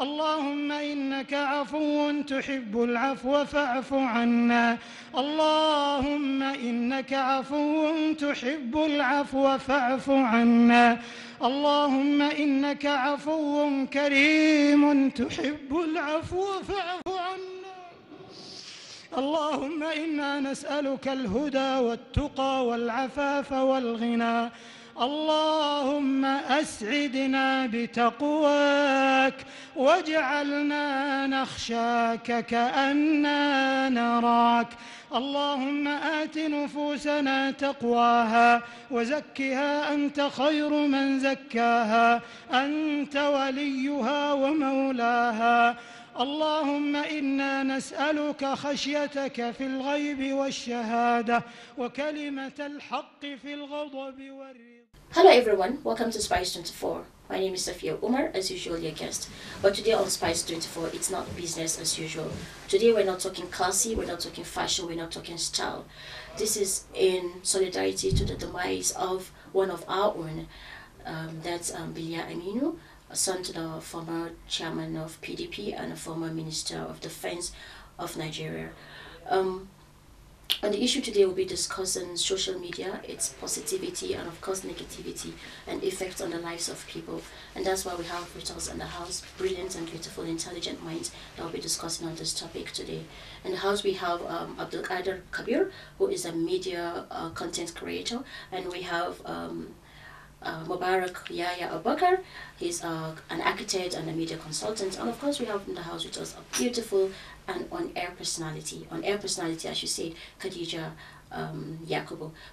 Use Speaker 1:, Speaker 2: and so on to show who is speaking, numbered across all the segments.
Speaker 1: اللهم إنك عفو تحب العفو فاعف عنا اللهم إنك عفو تحب العفو فاعف عنا اللهم إنك عفو كريم تحب العفو فاعف عنا اللهم إنا نسألك الهدى والتقى والعفاف والغنى اللهم أسعدنا بتقواك واجعلنا نخشاك كأننا نراك اللهم آت نفوسنا تقواها وزكها أنت خير من زكاها أنت وليها ومولاها اللهم إنا نسألك خشيتك في الغيب والشهادة وكلمة الحق في الغضب والرضا
Speaker 2: Hello everyone, welcome to Spice 24. My name is Sophia Umar, as usual your guest. But today on Spice 24, it's not business as usual. Today we're not talking classy, we're not talking fashion, we're not talking style. This is in solidarity to the demise of one of our own, um, that's um, Bilia Aminu, a son to the former chairman of PDP and a former minister of defense of Nigeria. Um, and the issue today will be discussing social media, its positivity and of course negativity and effects on the lives of people. And that's why we have with us in the house brilliant and beautiful intelligent minds that will be discussing on this topic today. In the house we have um, Abdul Qadir Kabir who is a media uh, content creator and we have um, uh, Mubarak Yaya Abakar. He's uh, an architect and a media consultant. And of course, we have in the house with us a beautiful and on air personality, on air personality, I should say, Khadija um,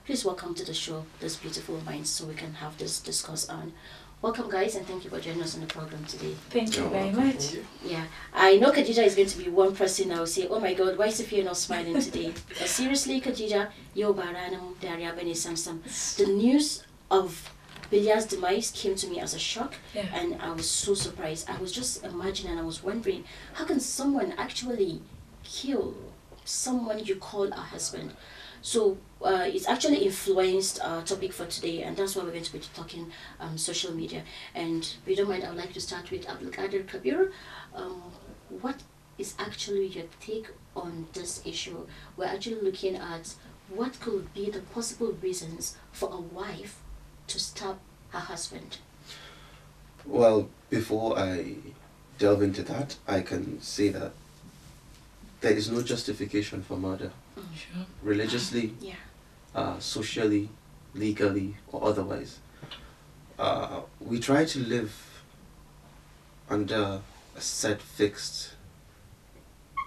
Speaker 2: Please welcome to the show, those beautiful minds, so we can have this discuss on. Welcome, guys, and thank you for joining us on the program today. Thank you very much. Yeah, I know Khadija is going to be one person that will say, Oh my god, why is Sophia not smiling today? but seriously, Khadija, Yo Baranam, Daria Bene Samsam, the news of Bilias' demise came to me as a shock, yeah. and I was so surprised. I was just imagining, I was wondering, how can someone actually kill someone you call a husband? So uh, it's actually influenced our topic for today, and that's why we're going to be talking um, social media. And if you don't mind, I would like to start with Abdulkader Kabir. Um, what is actually your take on this issue? We're actually looking at what could be the possible reasons for a wife to stab her husband?
Speaker 3: Well, before I delve into that, I can say that there is no justification for murder. Mm. Sure. Religiously, ah, yeah. uh, socially, legally, or otherwise. Uh, we try to live under a set fixed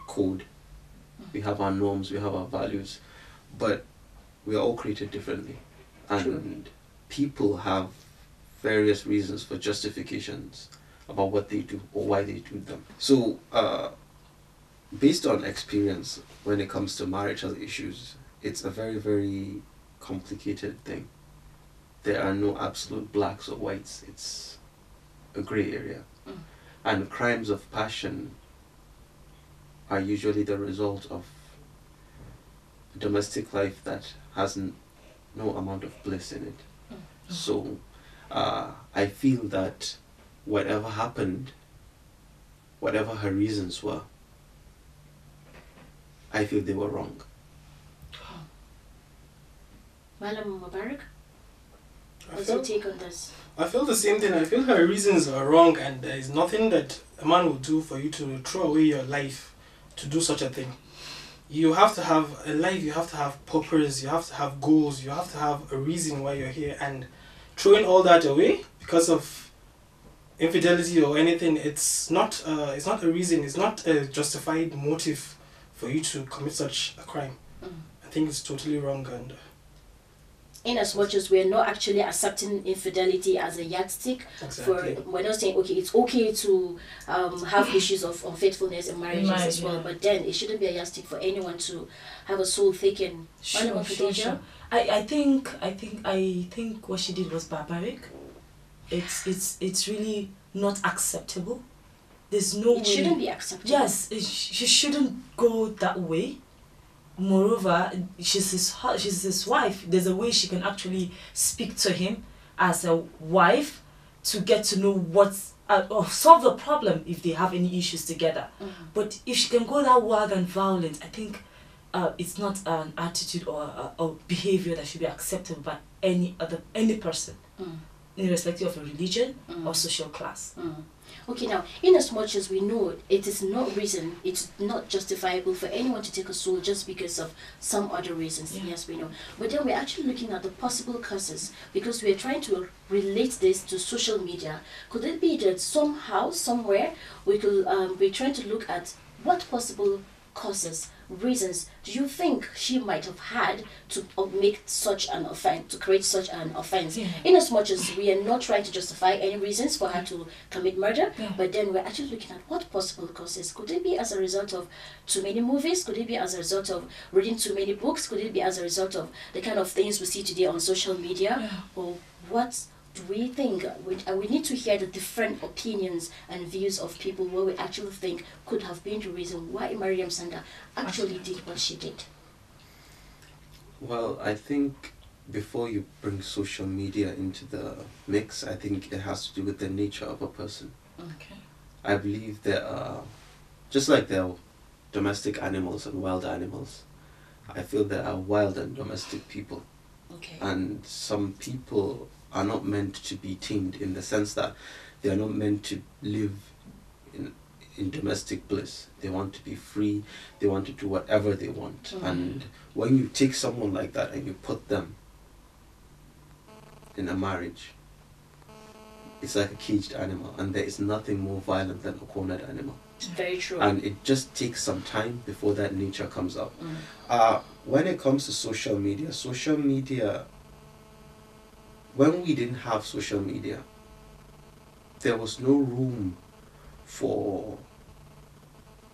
Speaker 3: code. Mm. We have our norms, we have our values, but we are all created differently. And True people have various reasons for justifications about what they do or why they do them. So, uh, based on experience, when it comes to marital issues, it's a very, very complicated thing. There are no absolute blacks or whites, it's a grey area. Mm. And crimes of passion are usually the result of domestic life that has no amount of bliss in it. So uh, I feel that whatever happened, whatever her reasons were, I feel they were wrong.
Speaker 2: Madam Mubarak, what's feel, your take on this?
Speaker 4: I feel the same thing. I feel her reasons are wrong, and there is nothing that a man will do for you to throw away your life to do such a thing. You have to have a life, you have to have purpose, you have to have goals, you have to have a reason why you're here, and throwing all that away because of infidelity or anything, it's not uh, it's not a reason, it's not a justified motive for you to commit such a crime. Mm. I think it's totally wrong and. Uh,
Speaker 2: in as much as we're not actually accepting infidelity as a yardstick exactly. for we're not saying okay it's okay to um, have issues of unfaithfulness in marriages Marriage, as well but then it shouldn't be a yardstick for anyone to have a soul thinking. sure, sure, sure.
Speaker 5: I, I think I think I think what she did was barbaric it's it's it's really not acceptable there's no it way. shouldn't be acceptable yes it sh- she shouldn't go that way moreover she's his, she's his wife there's a way she can actually speak to him as a wife to get to know what's uh, or solve the problem if they have any issues together mm-hmm. but if she can go that wild and violent i think uh, it's not an attitude or a, uh, or behavior that should be acceptable by any other any person mm. irrespective of a religion mm. or social class mm.
Speaker 2: Okay, now, in as much as we know it is not reason, it's not justifiable for anyone to take a soul just because of some other reasons. Yeah. Yes, we know. But then we're actually looking at the possible causes because we're trying to relate this to social media. Could it be that somehow, somewhere, we could um, trying to look at what possible causes reasons do you think she might have had to make such an offense, to create such an offense? Yeah. In as much as we are not trying to justify any reasons for her to commit murder, yeah. but then we're actually looking at what possible causes. Could it be as a result of too many movies? Could it be as a result of reading too many books? Could it be as a result of the kind of things we see today on social media? Yeah. Or what we think we, uh, we need to hear the different opinions and views of people what we actually think could have been the reason why Mariam Sanda actually did what she did.
Speaker 3: Well, I think before you bring social media into the mix, I think it has to do with the nature of a person. Okay. I believe there are, just like there are domestic animals and wild animals, I feel there are wild and domestic people. Okay. And some people are not meant to be tamed in the sense that they are not meant to live in in domestic bliss. They want to be free. They want to do whatever they want. mm And when you take someone like that and you put them in a marriage, it's like a caged animal, and there is nothing more violent than a cornered animal.
Speaker 1: Very true. And
Speaker 3: it just takes some time before that nature comes up. Mm. Uh, when it comes to social media, social media when we didn't have social media, there was no room for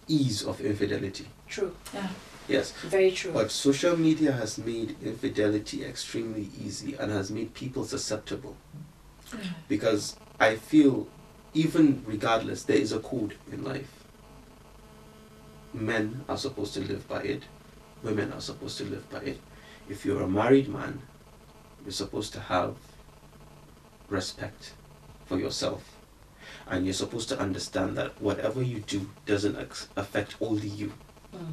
Speaker 3: ease of infidelity.
Speaker 1: True. Yeah.
Speaker 3: Yes. Very true. But social media has made infidelity extremely easy and has made people susceptible. Yeah. Because I feel, even regardless, there is a code in life. Men are supposed to live by it, women are supposed to live by it. If you're a married man, you're supposed to have respect for yourself. And you're supposed to understand that whatever you do doesn't affect only you. Mm.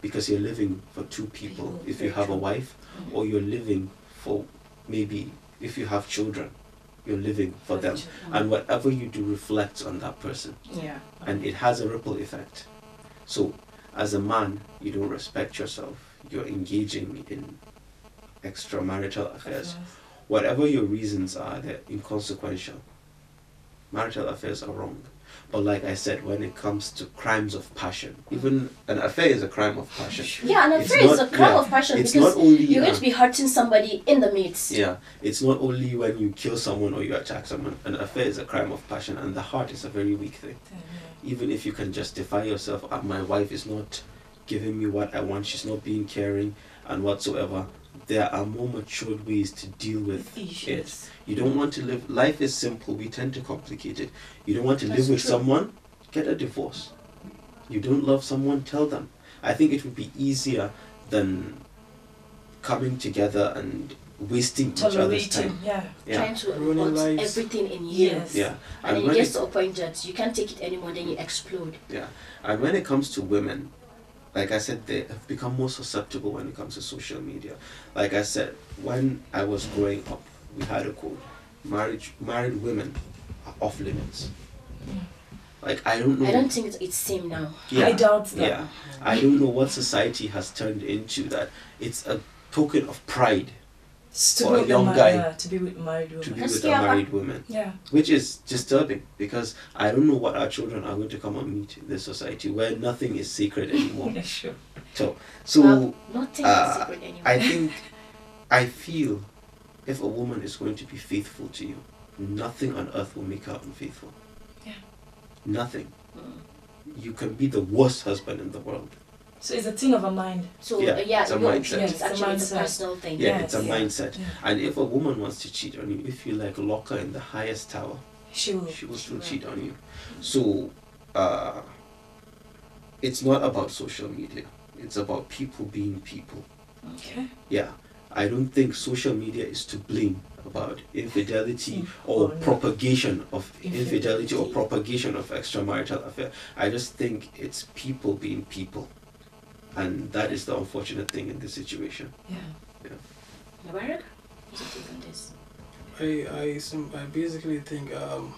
Speaker 3: Because you're living for two people if you have a wife, mm. or you're living for maybe if you have children, you're living for, for them. The mm. and whatever you do reflects on that person. Yeah. And it has a ripple effect. So, as a man, you don't respect yourself. You're engaging in extramarital affairs, whatever your reasons are, they're inconsequential. Marital affairs are wrong. But like I said, when it comes to crimes of passion, even an affair is a crime of passion. Yeah, an affair is a crime yeah, of passion it's because not only, you're going uh, to be
Speaker 2: hurting somebody in the midst. Yeah,
Speaker 3: it's not only when you kill someone or you attack someone. An affair is a crime of passion, and the heart is a very weak thing. Even if you can justify yourself, uh, my wife is not giving me what I want, she's not being caring and whatsoever there are more matured ways to deal with Issues. it. You don't want to live. Life is simple. We tend to complicate it. You don't want to That's live with true. someone. Get a divorce. You don't love someone. Tell them. I think it would be easier than coming together and wasting each other's time.
Speaker 2: Yeah. yeah. Trying to avoid everything in years. Yeah. And, and it gets to a point that you can't take it anymore. Then you explode.
Speaker 3: Yeah. And when it comes to women, like I said, they have become more susceptible when it comes to social media. Like I said, when I was growing up, we had a code: marriage, married women are off limits. Like I don't know. I don't
Speaker 2: think it's, same now. Yeah, I doubt that. Yeah,
Speaker 3: I don't know what society has turned into that. It's a token of pride to or a young guy
Speaker 2: to be with married woman. to be
Speaker 3: with a married woman. Yeah. Which is disturbing because I don't know what our children are going to come and meet in this society where nothing is sacred anymore. yeah, sure. So, so well, nothing uh, is anymore. I think, I feel, if a woman is going to be faithful to you, nothing on earth will make her unfaithful. Yeah. Nothing. Mm. You can be the worst husband in the world
Speaker 5: so it's a thing of a mind. So uh, yeah, yeah it's a mindset. Yes, it's actually, it's a personal thing. Yeah, yes. it's a yeah. mindset.
Speaker 3: Yeah. And if a woman wants to cheat on you, if you like lock her in the highest tower, she will. She will still she will. cheat on you. Mm-hmm. So, uh, it's not about social media. It's about people being people. Okay. Yeah, I don't think social media is to blame about infidelity mm. or, oh, propagation of infidelity. infidelity or propagation of extramarital affair. I just think it's people being people and that is the unfortunate thing in this situation.
Speaker 1: Yeah.
Speaker 4: Yeah. Mubarak, what's your take on this? I, I, I basically think, um,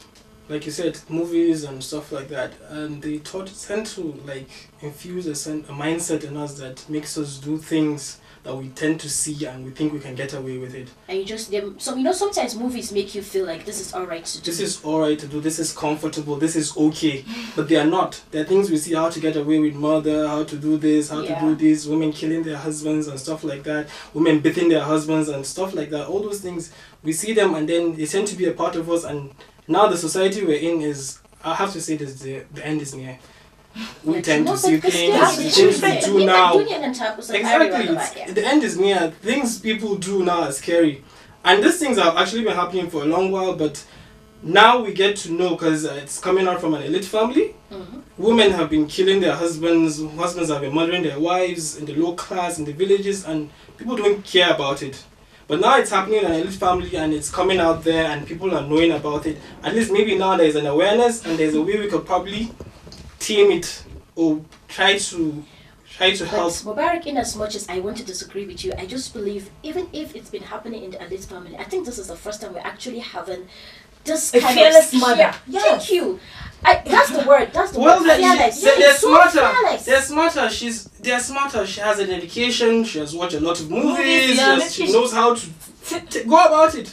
Speaker 4: like you said, movies and stuff like that, and they taught, tend to like infuse a, sen- a mindset in us that makes us do things that we tend to see and we think we can get away with it.
Speaker 2: And you just them so you know sometimes movies make you feel like this is alright to do. This
Speaker 4: is alright to do, this is comfortable, this is okay. but they are not. There are things we see how to get away with murder, how to do this, how yeah. to do this, women killing their husbands and stuff like that, women beating their husbands and stuff like that. All those things we see them and then they tend to be a part of us and now the society we're in is I have to say this the, the end is near.
Speaker 2: We tend to see things we do now. Exactly.
Speaker 4: The end is near. Things people do now are scary. And these things have actually been happening for a long while, but now we get to know because uh, it's coming out from an elite family. Mm-hmm. Women have been killing their husbands, husbands have been murdering their wives in the low class, in the villages, and people don't care about it. But now it's happening in an elite family and it's coming out there, and people are knowing about it. At least maybe now there's an awareness, and there's a way we could probably
Speaker 2: team it or try to try to help. But Mubarak, in as much as I want to disagree with you, I just believe even if it's been happening in the elite family, I think this is the first time we're actually having this a kind fearless of mother. Yeah. Thank you. I, that's the word. That's the well, word. Yeah, they're, fearless. they're, they're smarter. Fearless.
Speaker 4: They're smarter. She's they're smarter. She has an education. She has watched a lot of movies. movies yeah, she, she knows how to go about it.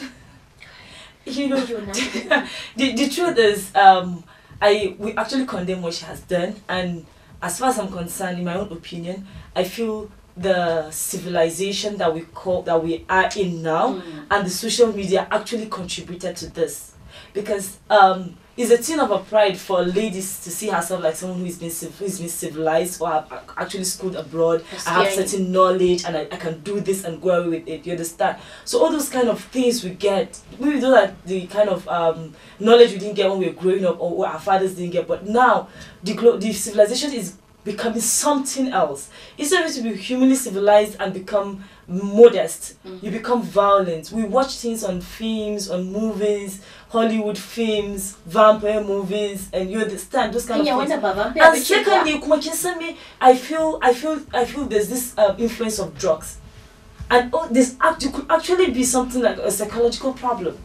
Speaker 5: You know, the, the truth is. Um, I we actually condemn what she has done, and as far as I'm concerned, in my own opinion, I feel the civilization that we call that we are in now mm. and the social media actually contributed to this because um it's a thing of a pride for ladies to see herself like someone who's been who's been civilized or have actually schooled abroad. I have certain knowledge and I, I can do this and go away with it. You understand? So all those kind of things we get, maybe those are the kind of um, knowledge we didn't get when we were growing up or our fathers didn't get. But now the glo- the civilization is becoming something else. Instead of to be humanly civilized and become modest, mm -hmm. you become violent. We watch things on films, on movies, Hollywood films, vampire movies, and you understand those kind yeah, of things. and secondly, me, I feel, I feel, I feel there's this uh, influence of drugs, and oh, this act could actually be something like a psychological problem.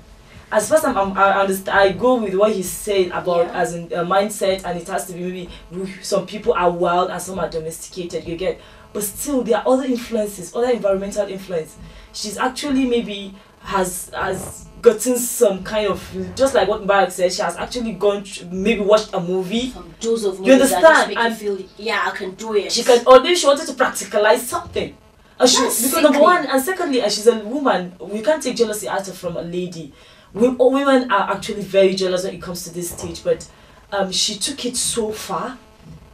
Speaker 5: As far as I'm, I'm i understand, I go with what he's saying about yeah. as in uh, mindset, and it has to be maybe some people are wild and some are domesticated. You get, but still there are other influences, other environmental influence. She's actually maybe has has gotten some kind of just like what Mubarak said, she has actually gone maybe watched a movie. Some dose of you understand?
Speaker 2: and you feel yeah, I can do it. She can, or maybe she wanted to practicalize something. And she, because sickly. number one,
Speaker 5: and secondly, and she's a woman. We can't take jealousy out of from a lady. We, women are actually very jealous when it comes to this stage, but um, she took it so far,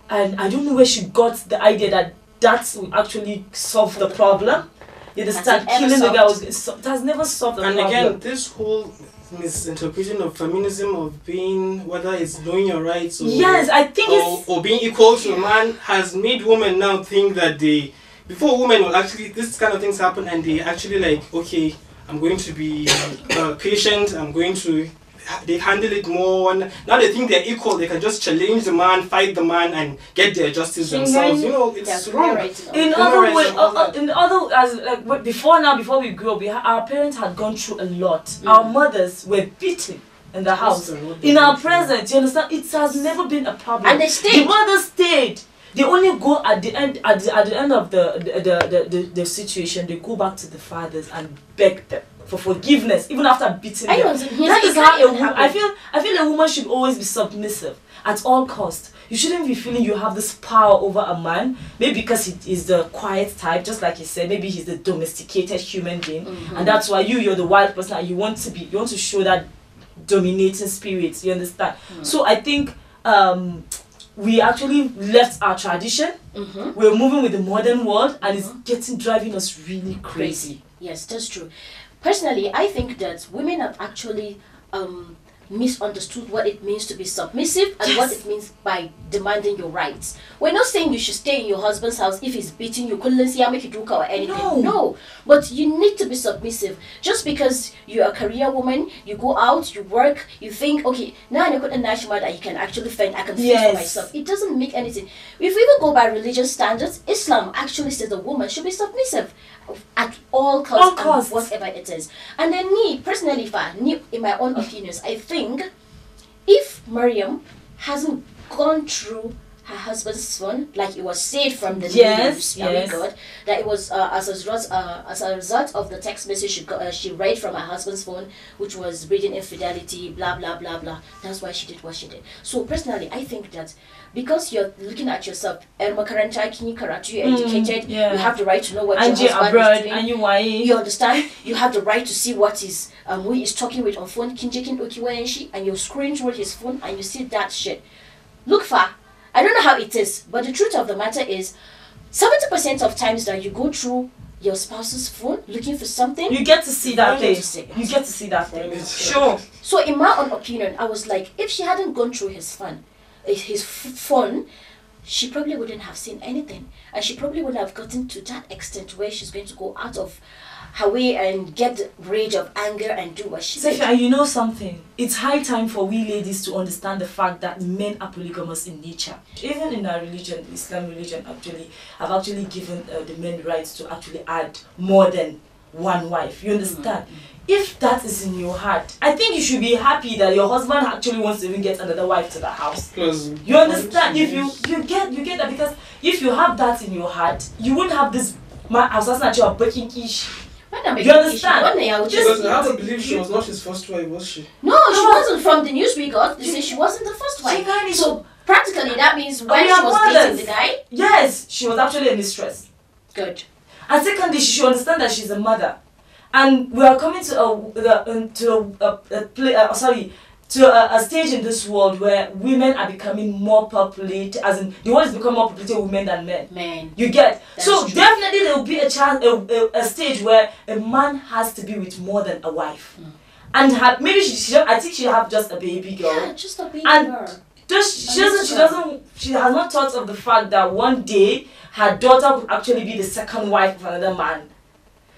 Speaker 5: and I don't know where she got the idea that that will actually solve the problem
Speaker 4: they start killing the girls.
Speaker 5: It has never solved And problem. again, this whole
Speaker 4: misinterpretation of feminism of being whether it's doing your rights or yes i think or, or being equal to a man has made women now think that they before women will actually this kind of things happen and they actually like okay i'm going to be uh, patient i'm going to they handle it more. Now they think they're equal. They can just challenge the man, fight the man, and get their justice themselves. You know,
Speaker 5: it's yeah, wrong. Right, in, in other words, uh, uh in other as like uh, before now, before we grew up, we, our parents had gone through a lot. Mm. Our mothers were beaten in the house, in our presence. You understand? It has never been a problem. And they stayed. The mother stayed. They only go at the end at the, at the end of the the, the the, the situation. They go back to the fathers and beg them for forgiveness even after beating I them. That is how a woman. I feel. I feel a woman should always be submissive at all costs. You shouldn't be feeling you have this power over a man. Maybe because he is the quiet type, just like you said. Maybe he's the domesticated human being, mm-hmm. and that's why you you're the wild person. And you want to be. You want to show that dominating spirit. You understand? Mm-hmm. So I think. Um, we actually left our tradition. Mm-hmm. We're moving with the modern world, and it's mm-hmm. getting driving
Speaker 2: us really crazy. Yes, that's true personally, I think that women have actually um, misunderstood what it means to be submissive and yes. what it means by demanding your rights. We're not saying you should stay in your husband's house if he's beating you, couldn't see make you do or anything. No. no. But you need to be submissive. Just because you're a career woman, you go out, you work, you think, okay, now I got a national that you can actually fend, I can fend yes. for myself. It doesn't make anything. If we even go by religious standards, Islam actually says a woman should be submissive at all costs, all costs. whatever it is. And then me personally, in my own opinions, I think if Mariam hasn't gone through her husband's phone, like it was said from the yes, news yes. we got, that it was uh, as, a result, uh, as a result of the text message she, got, uh, she read from her husband's phone, which was reading infidelity, blah, blah, blah, blah. That's why she did what she did. So personally, I think that because you're looking at yourself, and makaranta, kini you're mm, educated, yeah. you have the right to know what and your husband abroad, is doing. And you, you understand? you have the right to see what is, um, who is talking with on phone, kinjekin ukiwa and she, and you screen through his phone and you see that shit. Look for I don't know how it is, but the truth of the matter is 70% of times that you go through your spouse's phone looking for something, you get to see that thing. You get to see that thing. Sure. So, in my own opinion, I was like, if she hadn't gone through his phone, eh, his phone, she probably wouldn't have seen anything, and she probably wouldn't have gotten to that extent where she's going to go out of her way and get rid of anger and do what she Sefia, so
Speaker 5: you know something? It's high time for we ladies to understand the fact that men are polygamous in nature. Even in our religion, Islam religion actually, have actually given uh, the men rights to actually add more than one wife. You understand? Mm -hmm. If that is in your heart, I think you should be happy that your husband actually wants to even get another wife to the house. you understand? If you you get you get that because if you have that in your heart, you wouldn't have this. My, I was asking that you
Speaker 4: are breaking ish you understand? I just because I don't believe she was not his first wife, was she?
Speaker 5: No, no. she
Speaker 2: wasn't. From the news we got, they say she wasn't the first wife. So practically, that means oh, when she was violence. dating the guy.
Speaker 5: Yes, she was actually a mistress. Good. And secondly, she should understand that she's a mother, and we are coming to a, a, to a, a, a play. Uh, sorry, to a, a, stage in this world where women are becoming more populated, as in the world is becoming more populated women than men. Men. You get That's so true. definitely there will be a chance, a, a, a, stage where a man has to be with more than a wife, mm. and have, maybe she, she I think she have just a baby girl. Yeah, just a baby and girl. Just, she doesn't. She doesn't. She has not thought of the fact that one day her daughter would actually be the second wife of another man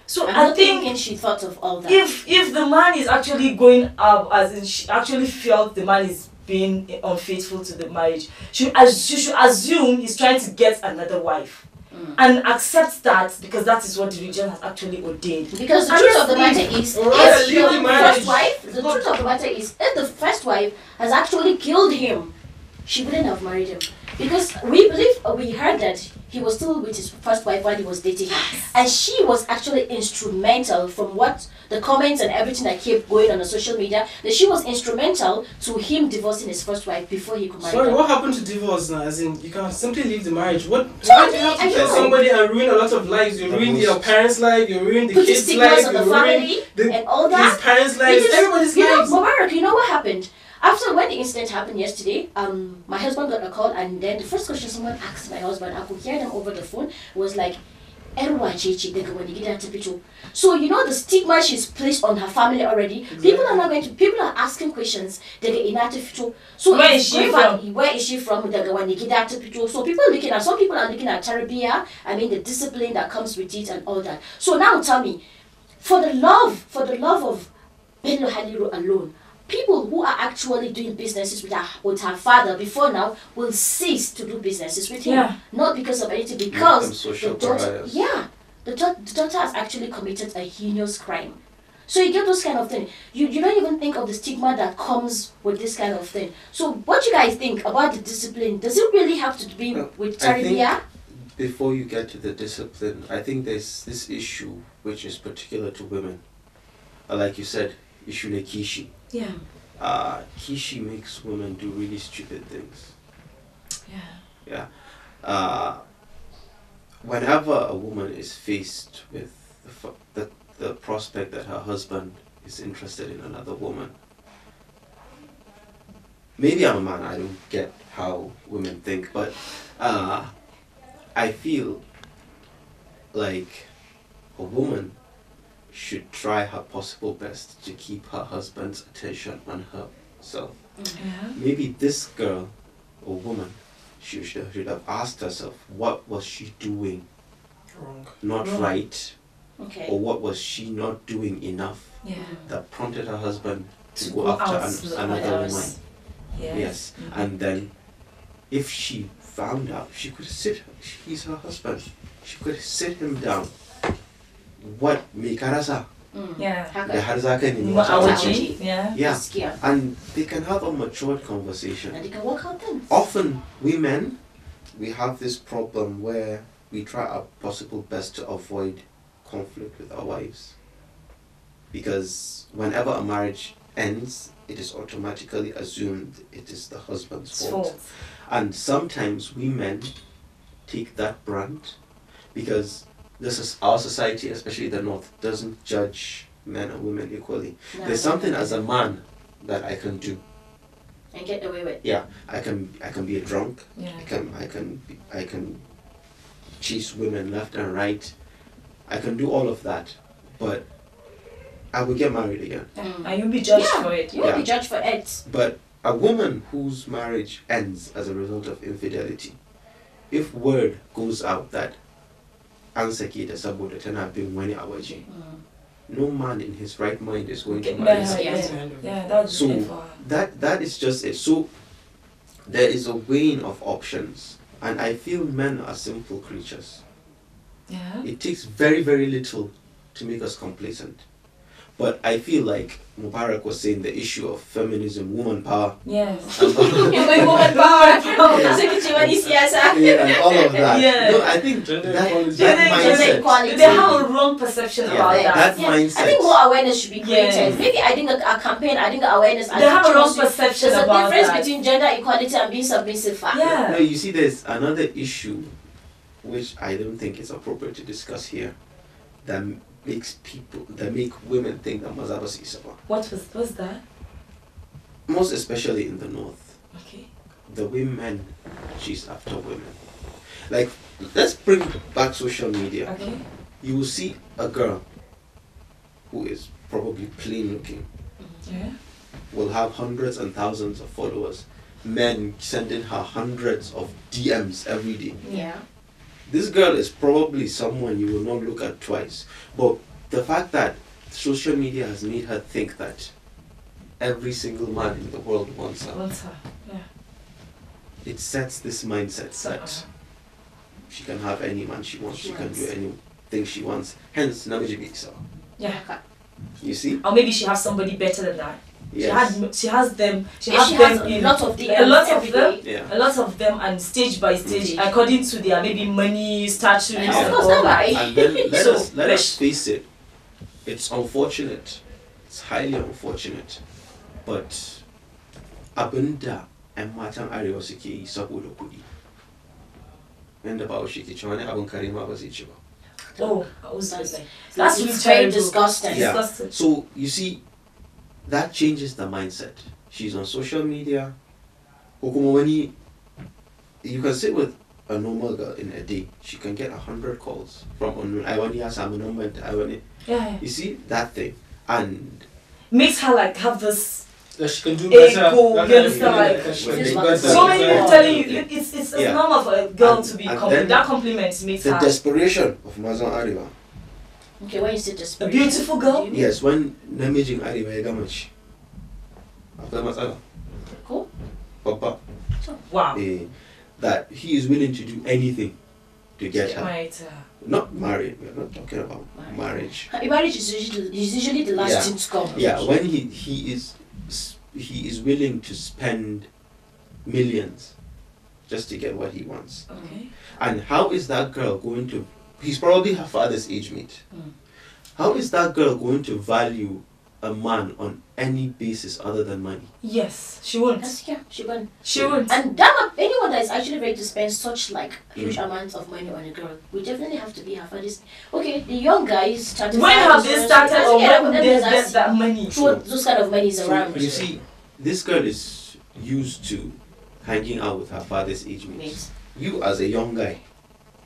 Speaker 5: so I, I think, think, she thought of all that. If if the man is actually going up, as in she actually felt the man is being unfaithful to the marriage, she she should assume he's trying to get another wife. Hmm. And accept that because that is what the religion has actually ordained. Because the and truth of the matter is, if the first wife, the truth of the
Speaker 2: matter is, if the first wife has actually killed him, she wouldn't have married him because we believe we heard that he was still with his first wife while he was dating her. And she was actually instrumental from what the comments and everything that kept going on the social media, that she was instrumental to him divorcing his first wife before he could marry Sorry, her. what
Speaker 4: happened to divorce now? As in, you can not simply leave the marriage. What, Tell why do you have to tell somebody and ruin a lot of lives? You ruin your parents'
Speaker 2: life, you ruin the Put kids' life, you ruin the, and all that. his parents' lives, everybody's lives. You know, Mubarak, you know what happened? After when the incident happened yesterday, um, my husband got a call, and then the first question someone asked my husband, I could hear them over the phone, was like, Erwachichi, daga wani gida ta fito. So you know the stigma she's placed on her family already. Exactly. People are not going to. People are asking questions. They ina ta fito. So where is she from? where is she from? Daga wani gida So people are looking at. Some people are looking at tarbiyah. I mean the discipline that comes with it and all that. So now tell me, for the love, for the love of Beno Haliru alone, people who are actually doing businesses with her, with her father before now will cease to do businesses with him. Yeah. Not because of anything, because the daughter, yeah, the, the daughter has actually committed a heinous crime. So you get those kind of things. You, you don't even think of the stigma that comes with this kind of thing. So what you guys think about the discipline? Does it really have to be no, with Taribia?
Speaker 3: Before you get to the discipline, I think there's this issue which is particular to women. Like you said, issue Lekishi yeah. Uh, Kishi makes women do really stupid things. Yeah. Yeah. Uh, whenever a woman is faced with the, the, the prospect that her husband is interested in another woman, maybe I'm a man, I don't get how women think, but uh, I feel like a woman should try her possible best to keep her husband's attention on herself.
Speaker 4: Yeah. Mm-hmm.
Speaker 3: Maybe this girl or woman she should, should have asked herself what was she doing
Speaker 1: wrong, not wrong. right, okay. or what
Speaker 3: was she not doing enough yeah. that prompted her husband to, to go after an, another woman. Yes, yes. Mm-hmm. and then if she found out, she could sit. He's her husband. She could sit him down what me ka mm.
Speaker 2: Yeah. da har za
Speaker 3: yeah, nemi yeah and they can have a matured conversation and they can work out things often we men we have this problem where we try our possible best to avoid conflict with our wives because whenever a marriage ends it is automatically assumed it is the husband's it's fault. fault and sometimes we men take that brunt because this is our society, especially the North, doesn't judge men and women equally. No, There's something as a man that I can do.
Speaker 2: And get away with.
Speaker 3: Yeah, I can. I can be a drunk. Yeah. I can. I can. I can. Chase women left and right. I can do all of that, but I will get married again.
Speaker 5: Mm. And you'll be judged yeah, for it. You'll
Speaker 3: yeah. be judged for it. But a woman whose marriage ends as a result of infidelity, if word goes out that an sake ta saboda tana bin wani a waje mm. no man in his right mind is going to marry yeah, yeah,
Speaker 5: yeah, that's so
Speaker 3: that that is just it so there is a vein of options and i feel men are simple creatures yeah. it takes very very little to make us complacent but I feel like Mubarak was saying the issue of feminism, woman power. Yes. woman
Speaker 2: power. yeah. yeah, all of that. Yeah. No, I
Speaker 3: think gender that, equality. That mindset,
Speaker 5: They have a
Speaker 2: wrong perception yeah, about that. That mindset. I think more awareness should be created. Yeah. Maybe I think a, a campaign, I think awareness. They have a wrong perception There's a difference that. between gender equality and being submissive. Yeah. No,
Speaker 3: you see, there's another issue which I don't think is appropriate to discuss here that makes people that make women think that Maza is someone.
Speaker 5: What was was that?
Speaker 3: Most especially in the north. Okay. The women she's after women. Like let's bring back social media. Okay. You will see a girl who is probably plain looking. Mm-hmm. Yeah. Will have hundreds and thousands of followers. Men sending her hundreds of DMs every day. Yeah this girl is probably someone you will not look at twice. But the fact that social media has made her think that every single man in the world wants her. Wants her, yeah. It sets this mindset set. uh, she can have any man she wants, she, she wants. can do anything she wants. Hence, Namiji beats her. Yeah. You see? Or maybe she
Speaker 5: has somebody better than that. She had she has them. She, yeah, has, she has them a in, lot of them. A lot of them. Yeah. A lot of them, and stage by mm-hmm. stage, mm according to their maybe money, status. Yeah. Of course, right. And let so, us let
Speaker 3: us face it. It's unfortunate. It's highly unfortunate, but abunda and matan arewa suke yi saboda kuɗi. Nan da bawo shi ke cewa wani abin kare ma ba zai ci ba.
Speaker 2: Oh, I was that's,
Speaker 3: that's very disgusting. Yeah. disgusting. So you see, that changes the mindset. She's on social media. you can sit with a normal girl in a day. She can get a hundred calls from unknown. I want yes, I'm a number. I want it. Yeah, yeah. You see that thing, and
Speaker 5: makes her like have this.
Speaker 3: she can do better. Ego, you understand? Like, so many people telling
Speaker 5: you, it's it's, yeah. normal for a girl and, to be compliment. That compliment makes the her. The desperation
Speaker 3: of Mazan Ariwa
Speaker 2: Okay, why you it just A beautiful girl?
Speaker 3: Yes, when namijin arewa ya gama shi. Akwai matsala. Wow. Uh, that he is willing to do anything to get her. Right. Uh. Not married. We're not talking about marriage.
Speaker 2: marriage. Marriage is usually, is usually the last yeah. thing to come. Yeah. When
Speaker 3: he he is he is willing to spend millions just to get what he wants. Okay. Mm-hmm. And how is that girl going to he's probably her father's age mate. Mm. How is that girl going to value a man on any basis other than money?
Speaker 2: Yes, she won't. yeah, she won't. She yeah. won't. And damn anyone that is actually ready to spend such like huge mm. amounts of money on a girl, we definitely have to be her father's. Okay, the young guys started. When have they started or when they get that money? those kind of money is so around. You
Speaker 3: see, this girl is used to hanging out with her father's age mates. You as a young guy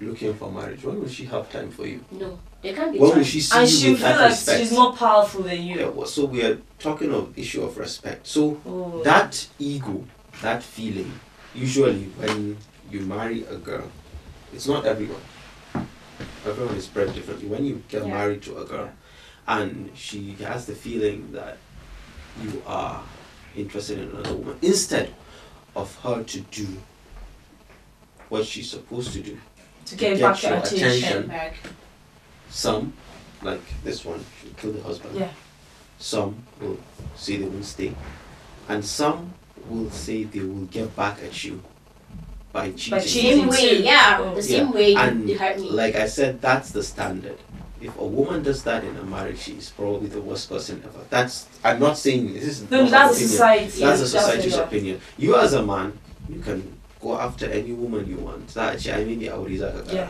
Speaker 3: looking for marriage, when will she have time for you?
Speaker 2: No, there can't be when time.
Speaker 3: will she see and you she with feel that like respect? she's more powerful than you. Yeah, well, so we are talking of issue of respect. So oh. that ego, that feeling, usually when you marry a girl, it's not everyone. Everyone is bred differently. When you get yeah. married to a girl, and she has the feeling that you are interested in another woman, instead of her to do what she's supposed to do, to, get back your attention. attention. Some, like this one, should kill the husband. Yeah. Some will say they will stay, and some will say they will get back at you by cheating. By cheating way, yeah, the same yeah. way and you hurt me. Like I said, that's the standard. If a woman does that in a marriage, she's probably the worst person ever. That's I'm not saying this is no, that's society. That's a society's opinion. You as a man, you can go after any woman you want That's a I mean, mini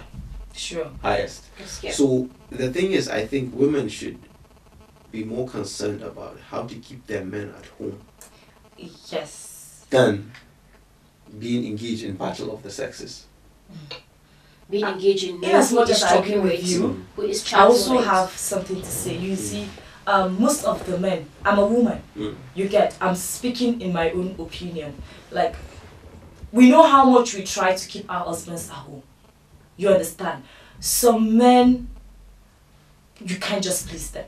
Speaker 3: sure highest yeah. so the thing is i think women should be more concerned about how to keep their men at home yes than being engaged in battle of the sexes mm.
Speaker 2: being engaged in in as much as talking with you i also
Speaker 5: have something to say you mm. see um, most of the men i'm a woman mm. you get i'm speaking in my own opinion like we know how much we try to keep our husbands at home. You understand? Some men, you can't just please them.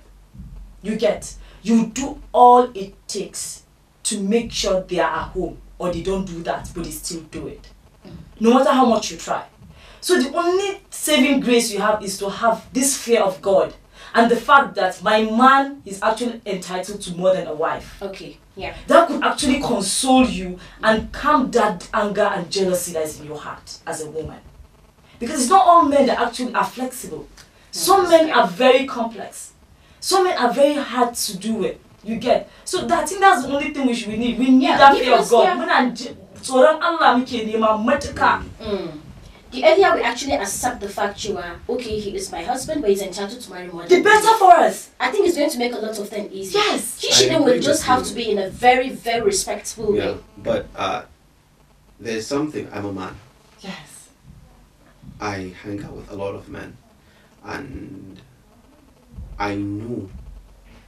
Speaker 5: You get? You do all it takes to make sure they are at home or they don't do that, but they still do it. No matter how much you try. So the only saving grace you have is to have this fear of God and the fact that my man is actually entitled to more than a wife. Okay. Yeah. That could actually console you and calm that anger and jealousy that is in your heart as a woman. Because it's not all men that actually are flexible. Some men are very complex. Some men are very hard to do with. You get? So that, I think that's the only thing we should we need. We need yeah, that fear of God.
Speaker 2: Mm the earlier we actually accept the fact you are, okay, he is my husband, but he's entitled to marry more. The better for us. I think it's going to make a lot of things easier. Yes. She should will just have you. to be in a very, very respectful yeah,
Speaker 3: way. But uh, there's something, I'm a man. Yes. I hang out with a lot of men. And I know,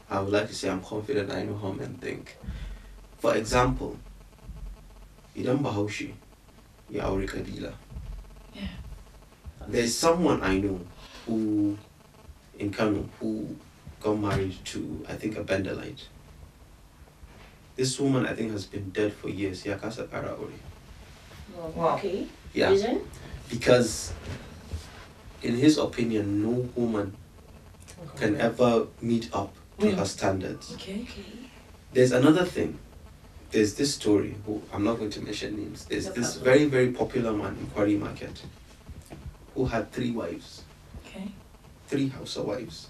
Speaker 3: I would like to say I'm confident I know how men think. For example, idan bahaushe ya aure kabila yeah. There's someone I know who in Kano who got married to I think a Bendelite. This woman I think has been dead for years, Yakasa Araori.
Speaker 5: Wow. Okay. Yeah. Reason?
Speaker 3: Because in his opinion no woman can ever meet up to mm. her standards. Okay. okay. There's another thing there's this story, who, I'm not going to mention names, there's this very, very popular man in Quarry Market who had three wives. Okay. Three Hausa wives.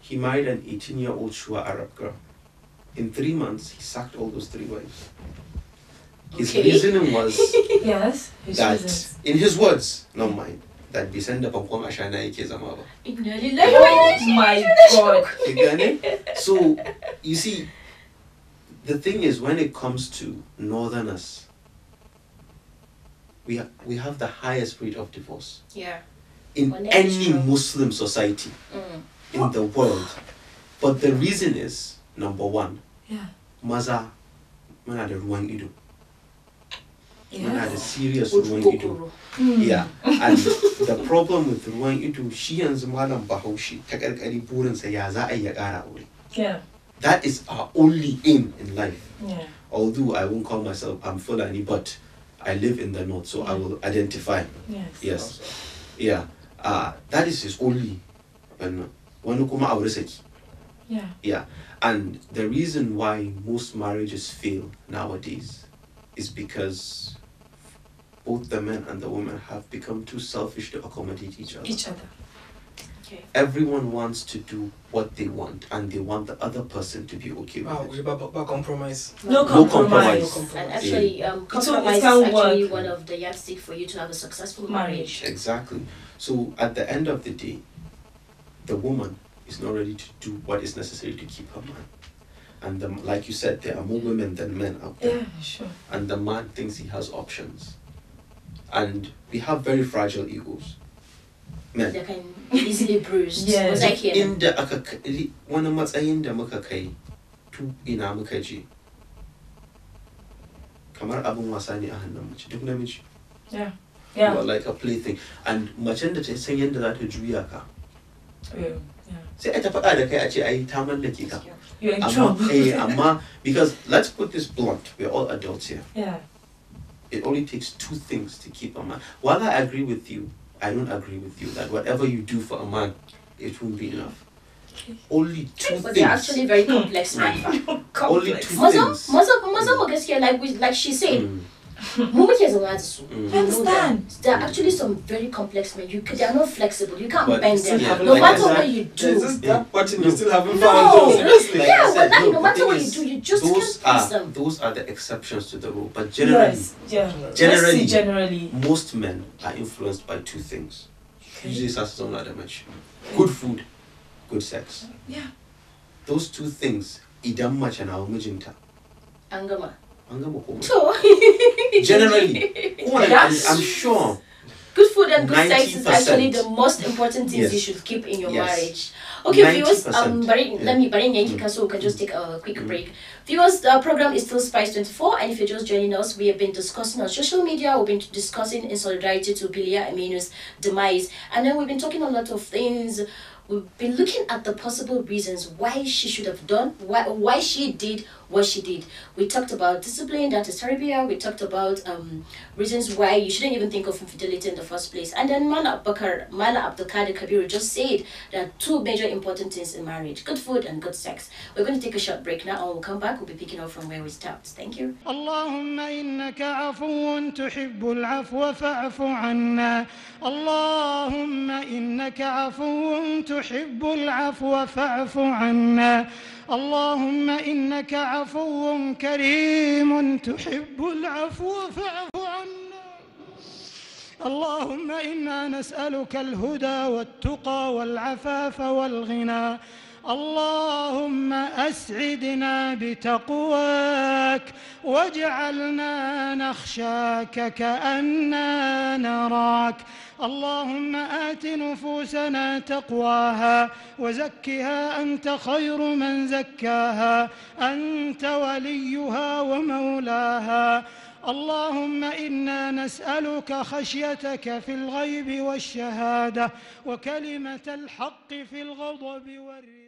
Speaker 3: He married an 18 year old Shua Arab girl. In three months, he sacked all those three wives. His okay. reasoning was
Speaker 5: yes, that, reasons.
Speaker 3: in his words, not mine, that Bisenda Pampong Ashana Ike Zamaba.
Speaker 5: Oh my
Speaker 3: god. so, you see, the thing is, when it comes to northerners, we, ha- we have the highest rate of divorce. Yeah. In any Muslim society mm. in the world. But the reason is number one, yeah. maza, mana da ruwan ido. serious ruang ido. Hmm. Yeah. And the problem with ruang ido, she and malam bahoshi ta karkari burinsa ya a yi ya ƙara Yeah. That is our only aim in life. Yeah. Although I won't call myself I'm Fulani, but I live in the north, so yeah. I will identify. Yes. Yes. Also. Yeah. Uh, that is his only. Yeah. Yeah. And the reason why most marriages fail nowadays is because both the men and the women have become too selfish to accommodate each other. Each other. Okay. Everyone wants to do what they want and they want the other person to be okay with wow, it. About, about compromise. No, no compromise. compromise. And actually,
Speaker 2: um, compromise is actually one of the yardstick for you to have a successful
Speaker 3: marriage. Exactly. So at the end of the day, the woman is not ready to do what is necessary to keep her man. And the, like you said, there are more women than men out
Speaker 2: there. Yeah, sure.
Speaker 3: And the man thinks he has options. And we have very fragile egos man
Speaker 2: easily bruised yeah. was like here
Speaker 3: inda aka wani matsayin da muka kai tu ina muka je kamar abin wasa ne a hannun mace duk namiji
Speaker 5: yeah
Speaker 1: yeah
Speaker 3: like a plaything and macen da ta san yadda za ta juya ka oh, sai ai ta faɗa da kai a ce ai ta mallake ka
Speaker 1: eh, amma
Speaker 3: because let's put this blunt we're all adults here yeah it only takes two things to keep a man while i agree with you I don't agree with you that whatever you do for a man, it will not be enough. Okay. Only two but things. they're actually very
Speaker 2: complex, man. Only two things. Mazo, Mazo, mm. like, like she said, mm. Women here is allowed to sue. Mm. You understand? There are actually some very complex men. You they are not flexible. You can't but bend them. Yeah, no like matter what you
Speaker 4: do.
Speaker 3: This that mm. button you still haven't found. No. Seriously. Like yeah, well, said, like, no, no
Speaker 2: matter what you do,
Speaker 4: you
Speaker 3: just those can't are, them. Those are the exceptions to the rule. But generally, yes, yeah. generally, generally, most men are influenced by two things. Okay. Usually starts down that much. Good food, good sex. Yeah. Those two things, idam mace na mijinta.
Speaker 2: Angama. Generally, yes. I'm
Speaker 3: sure.
Speaker 2: Good food and good sex is actually the most important things yes. you should keep in your yes. marriage. Okay, viewers, um, bari, yeah. let me bari mm. so we can just take a quick mm. break. Viewers, the program is still Spice 24, and if you're just joining us, we have been discussing on social media, we've been discussing in solidarity to Bilia Aminu's demise, and then we've been talking a lot of things we've been looking at the possible reasons why she should have done why why she did what she did. We talked about discipline, that is Tarabia. We talked about um, reasons why you shouldn't even think of infidelity in the first place. And then Mala Abdulkadir Mala Kabiru just said there are two major important things in marriage, good food and good sex. We're going to take a short break now and we'll come back. We'll be picking up from where we stopped. Thank you.
Speaker 1: اللهم إنك عفو تحب العفو فاعف عنا اللهم إنك عفو تحب العفو فاعف عنا اللهم إنك عفو كريم تحب العفو فاعف عنا اللهم إنا نسألك الهدى والتقى والعفاف والغنى اللهم أسعدنا بتقواك واجعلنا نخشاك كأننا نراك اللهم آت نفوسنا تقواها وزكها أنت خير من زكاها أنت وليها ومولاها اللهم إنا نسألك خشيتك في الغيب والشهادة وكلمة الحق في الغضب والرضا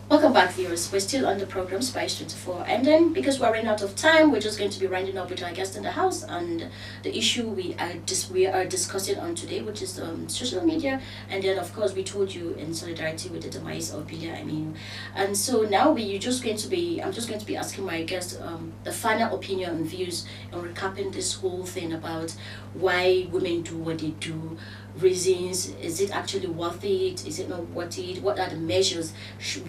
Speaker 1: Welcome back viewers, we're still on the program Spice 24 and then because we're running out
Speaker 2: of time we're just going to be rounding up with our guest in the house and the issue we are dis we are discussing on today which is um, social media and then of course we told you in solidarity with the demise of Bilia I mean and so now we are just going to be I'm just going to be asking my guest um, the final opinion and views and recapping this whole thing about why women do what they do reasons is it actually worth it is it not worth it what are the measures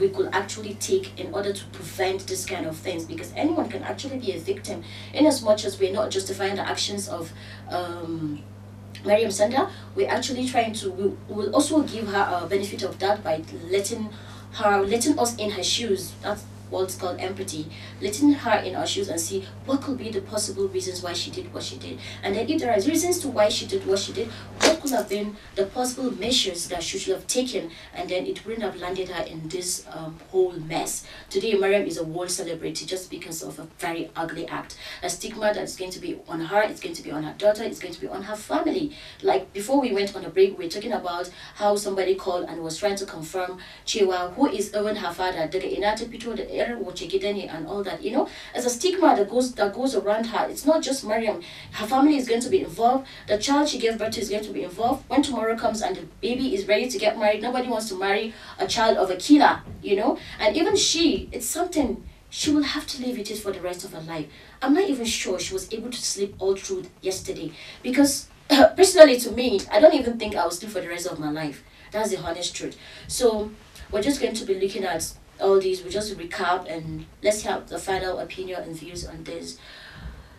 Speaker 2: we could actually take in order to prevent this kind of things because anyone can actually be a victim in as much as we're not justifying the actions of um, Mariam Sanda, we're actually trying to, we will also give her a benefit of that by letting her, letting us in her shoes. That's what's called empathy, letting her in our shoes and see what could be the possible reasons why she did what she did. And then if there are reasons to why she did what she did, what could have been the possible measures that she should have taken and then it wouldn't have landed her in this um, whole mess. Today, Mariam is a world celebrity just because of a very ugly act. A stigma that's going to be on her, it's going to be on her daughter, it's going to be on her family. Like before we went on a break, we were talking about how somebody called and was trying to confirm Chewa, who is even her father, the Inato Pito, the and all that, you know, as a stigma that goes that goes around her. It's not just Mariam. Her family is going to be involved. The child she gave birth to is going to be involved. When tomorrow comes and the baby is ready to get married, nobody wants to marry a child of a killer, you know? And even she, it's something she will have to live with it for the rest of her life. I'm not even sure she was able to sleep all through yesterday because personally to me, I don't even think I will sleep for the rest of my life. That's the honest truth. So we're just going to be looking at all these, we just recap and let's have the final opinion and views on this.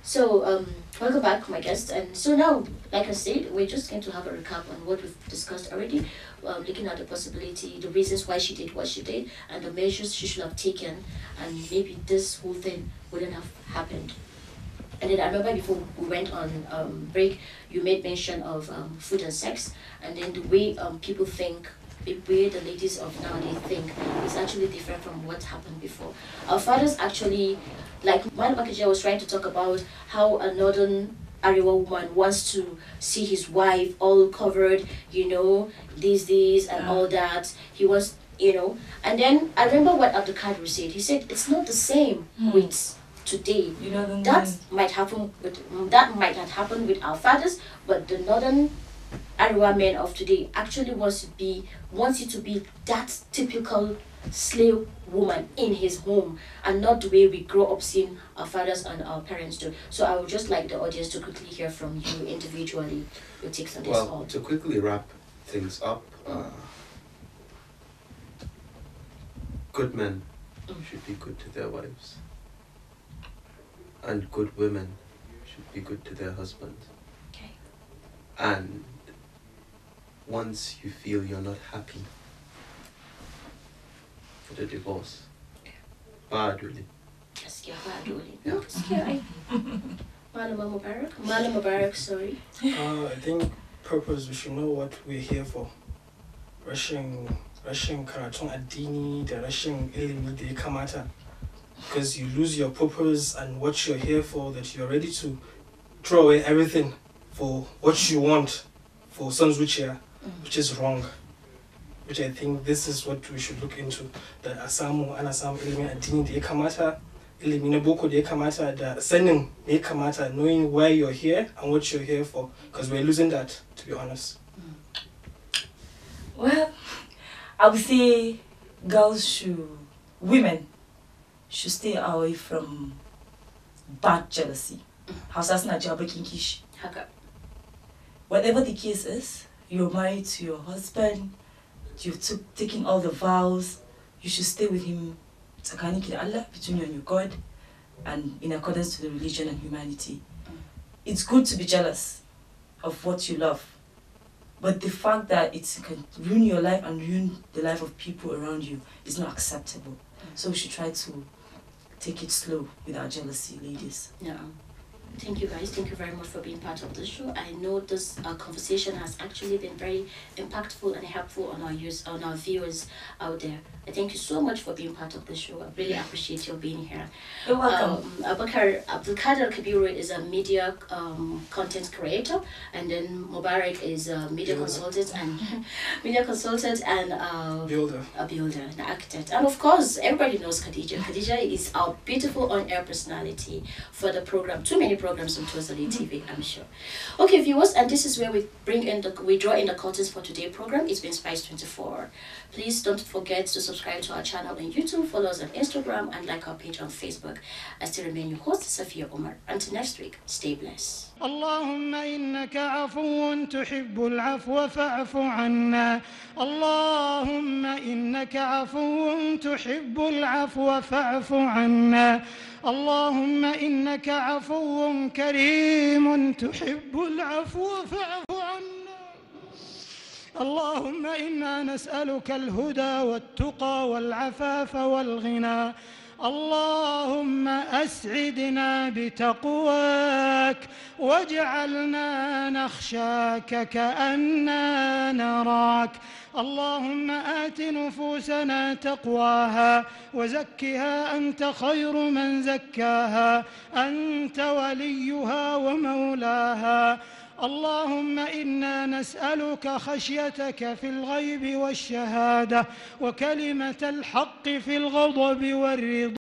Speaker 2: So, um, welcome back, my guests. And so now, like I said, we're just going to have a recap on what we've discussed already, um, looking at the possibility, the reasons why she did what she did, and the measures she should have taken, and maybe this whole thing wouldn't have happened. And then I remember before we went on um, break, you made mention of um, food and sex, and then the way um, people think the the ladies of now they think is actually different from what happened before. Our fathers actually, like Madam Akija was trying to talk about how a northern Ariwa woman wants to see his wife all covered, you know, these, these, and yeah. all that. He wants, you know. And then I remember what Abdul said. He said, it's not the same hmm. with today. You know that might happen with that might have happened with our fathers, but the northern Ariwa men of today actually wants to be wants you to be that typical slave woman in his home and not the way we grow up seeing our fathers and our parents do. So I would just like the audience to quickly hear from you individually your takes
Speaker 3: on this. Well, all. to quickly wrap things up, uh, good men mm. should be good to their wives, and good women should be good to their husbands. Okay. And once you feel you're not happy with the divorce. Badly.
Speaker 2: Gaskiya ba No, it's okay. Malama Mubarak, Malama Mubarak, sorry.
Speaker 3: Uh, I think
Speaker 4: purpose we should know what we're here for. Rushing rushing. Karatong Adini. The rushing. ilimi kamata because you lose your purpose and what you're here for that you're ready to throw away everything for what you want for which here which is wrong which I think this is what we should look into That asamu anasamu ana samun ilimin addini ilimi na boko da the kamata da knowing why you're here and what you're here for because we're losing that to be honest
Speaker 5: mm. well I would say girls should women should stay away from bad jealousy mm. hausa suna jawo bakin kishi haka whatever the case is you're married to your husband, you are took, taking all the vows, you should stay with him takaniki Allah, between you and your God, and in accordance to the religion and humanity. It's good to be jealous of what you love, but the fact that it can ruin your life and ruin the life of people around you is not acceptable. So we should try to take it slow with our jealousy,
Speaker 2: ladies. Yeah. Thank you guys. Thank you very much for being part of the show. I know this uh, conversation has actually been very impactful and helpful on our use on our viewers out there. I thank you so much for being part of the show. I really appreciate your being here. You're welcome. Um, Abakar Abdulkader Kabiru is a media um, content creator, and then Mubarak is a media builder. consultant and media consultant and a uh, builder. a builder, an architect, and of course everybody knows Khadija. Khadija is our beautiful on-air personality for the program. Too many programs on Tozali TV, I'm sure. Okay, viewers, and this is where we bring in the we draw in the curtains for today's program. It's been Spice 24. Please don't forget to subscribe to our channel on YouTube, follow us on Instagram, and like our page on Facebook. I still remain your host, Safia Omar. Until next week, stay blessed.
Speaker 1: اللهم إنك عفو تحب العفو فاعف عنا اللهم إنك عفو تحب العفو فاعف عنا اللهم إنك عفو كريم تحب العفو فاعف عنا اللهم إنا نسألك الهدى والتقى والعفاف والغنى اللهم أسعدنا بتقواك واجعلنا نخشاك كأننا نراك اللهم آت نفوسنا تقواها وزكها أنت خير من زكاها أنت وليها ومولاها اللهم انا نسالك خشيتك في الغيب والشهاده وكلمه الحق في الغضب والرضا